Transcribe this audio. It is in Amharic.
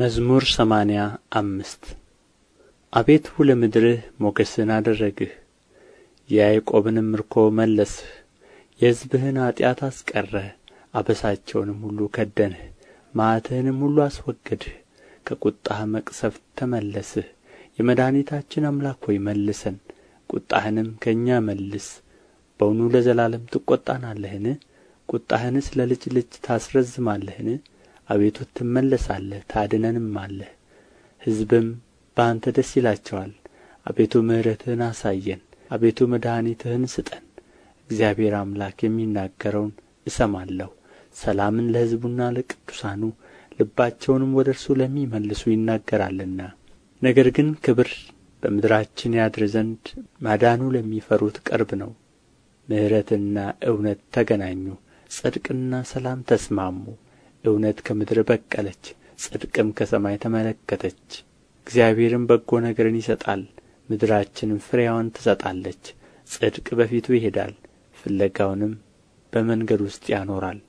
መዝሙር ሰማንያ አምስት አቤቱ ለምድርህ ሞገስን አደረግህ፣ የያዕቆብንም ምርኮ መለስህ። የሕዝብህን ኃጢአት አስቀረህ፣ አበሳቸውንም ሁሉ ከደንህ፣ መዓትህንም ሁሉ አስወገድህ። ከቁጣህ መቅሰፍት ተመለስህ። የመድኃኒታችን አምላክ ሆይ መልሰን፣ ቁጣህንም ከእኛ መልስ። በውኑ ለዘላለም ትቈጣናለህን? ቁጣህንስ ለልጅ ልጅ ታስረዝማለህን? አቤቱ ትመለሳለህ ታድነንማለህ ሕዝብም በአንተ ደስ ይላቸዋል አቤቱ ምሕረትህን አሳየን አቤቱ መድኃኒትህን ስጠን እግዚአብሔር አምላክ የሚናገረውን እሰማለሁ ሰላምን ለሕዝቡና ለቅዱሳኑ ልባቸውንም ወደ እርሱ ለሚመልሱ ይናገራልና ነገር ግን ክብር በምድራችን ያድር ዘንድ ማዳኑ ለሚፈሩት ቅርብ ነው ምሕረትና እውነት ተገናኙ ጽድቅና ሰላም ተስማሙ እውነት ከምድር በቀለች ጽድቅም ከሰማይ ተመለከተች እግዚአብሔርም በጎ ነገርን ይሰጣል ምድራችንም ፍሬያውን ትሰጣለች ጽድቅ በፊቱ ይሄዳል ፍለጋውንም በመንገድ ውስጥ ያኖራል